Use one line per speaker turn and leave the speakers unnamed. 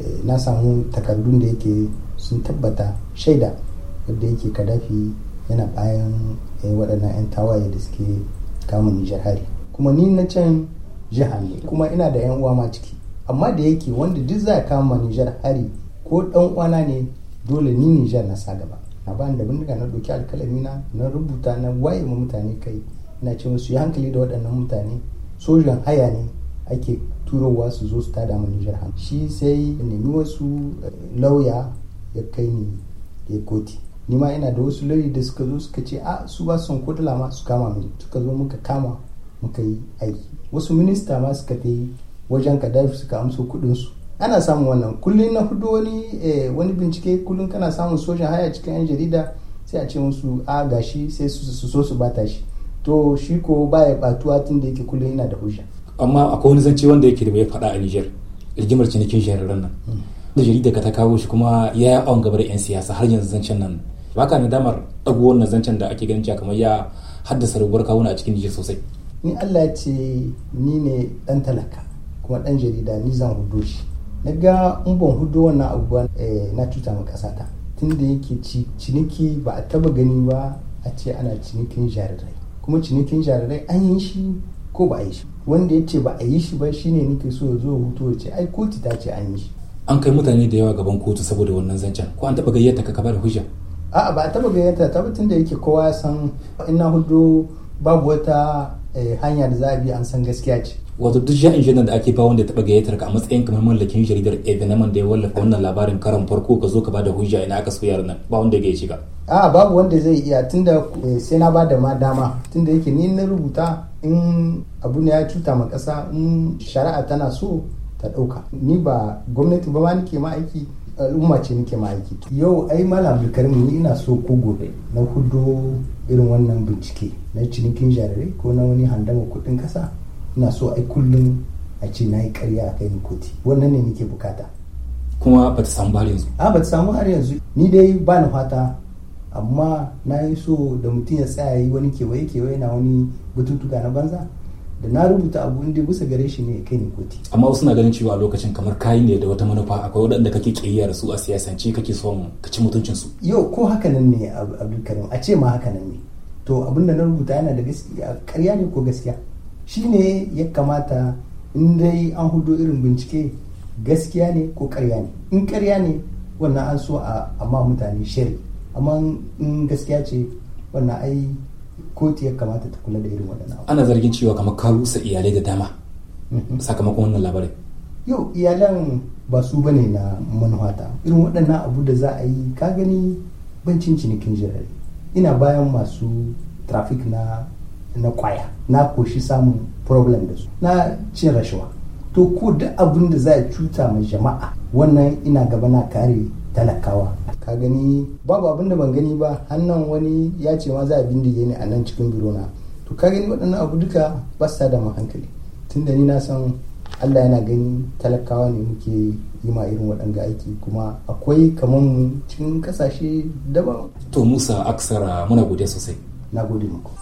Eh, na samu takardun da yake sun tabbata shaida wadda yake kadafi yana bayan eh, waɗannan 'yan tawaye da suke kamun nijar hari kuma ni na can jiha ne kuma ina da 'yan uwa ma ciki amma da yake wanda duk za kama nijar hari ko ɗan uwana ne dole ni nijar na sa gaba na bani da bindiga na ɗauki alkalami na na rubuta na waye mutane kai ina ce musu yi hankali da waɗannan mutane sojan haya ne ake turowa su zo su tada mu Nijar shi sai nemi wasu eh, lauya ya kai ni ya koti ni ma ina da wasu lauyi da suka zo suka ce a ah, su ba son kotala ma su kama mini suka zo muka kama muka yi aiki wasu minista ma suka ta yi wajen kadafi suka amso kuɗin su ana samun wannan kullum na hudu wani eh, wani bincike kullum kana samun sojan haya cikin yan jarida sai a ce musu a gashi sai su so su bata shi to shi ko baya batuwa tun da yake kullum yana da hujja
amma akwai wani zance wanda yake da bai faɗa a Niger rigimar cinikin shahararren nan da jarida ka ta kawo shi kuma ya yi awon gabar 'yan siyasa har yanzu zancen nan ba ka nadamar ɗago wannan zancen da ake ganin kamar ya haddasa rubuwar kawuna a cikin Niger sosai
in Allah ce ni ne ɗan talaka kuma ɗan jarida ni zan hudo shi na ga in ban hudo wannan abubuwa eh, na tuta ma ƙasata tun da yake ciniki ba a taba gani ba a ce ana cinikin jarirai kuma cinikin jarirai an yi shi ko ba a yi shi wanda ya ce ba a yi shi ba shine nake so ya zo hutu ya ce ai kotu ta ce an yi shi an kai mutane
da yawa gaban kotu saboda wannan zancen ko an taba gayyata ka kabar hujja a'a ba a taba
gayyata ta ba tun tunda yake kowa ya san ina hudu babu wata Eh, hanya da za a bi an san gaskiya ce
wato duk sha'in shirin da ake ba da ya taba gayyatar ka a matsayin kamar mallakin jaridar evenement da ya wallafa wannan labarin karan farko ka zo ka bada hujja ina aka soya yaran nan ba wanda ya shiga
a babu wanda zai iya tunda eh, sai na bada ma dama tunda yake ni na rubuta in abu ne ya cuta ma kasa in shari'a tana so ta ɗauka. ni ba gwamnati ba ma nake ma aiki al'umma ce nake aiki. yau ai malam ni ina so ko gobe na hudu irin wannan bincike na cinikin jarirai ko na wani handama kudin kasa ina so ai kullum a ce na yi karya a kai koti wannan ne nake bukata
kuma ba ta samu har yanzu
a ba ta samu har yanzu ni dai ba na fata amma na yi so da mutum ya tsaya yi wani kewaye kewaye na wani bututuka na banza da na rubuta abu inda bisa gare shi ne kai ni koti
amma wasu na ganin cewa lokacin kamar kayi ne da wata manufa akwai waɗanda kake kiyayya da su a siyasance kake son ka ci mutuncin su yau ko haka nan ne
karim a ce ma haka nan ne to abin da na rubuta yana da gaskiya karya ne ko gaskiya shine ya kamata in dai an hudo irin bincike gaskiya ne ko karya ne in karya ne wannan an so a amma mutane shari amma in gaskiya ce wannan ai kotu ya kamata ta kula da irin waɗannan
abu ana zargin cewa kamar ka rusa iyalai da dama mhm. sakamakon wannan labarin
yau iyalan ba su bane na manuwata irin waɗannan abu da za a yi ka gani bancin cinikin jirare ina bayan masu trafik na na kwaya na koshi samun problem da su na cin rashawa to ko da abin da za a cuta ma jama'a wannan ina gaba na kare talakawa ka gani babu abin da ban gani ba hannan wani ya ce ma za a bindige ni a nan cikin birona to ka gani waɗannan abu duka ba sa da hankali tun da ni na san allah yana gani talakawa ne muke yi ma irin waɗanga aiki kuma akwai kamar cikin kasashe daban to musa aksara muna gode sosai na gode muku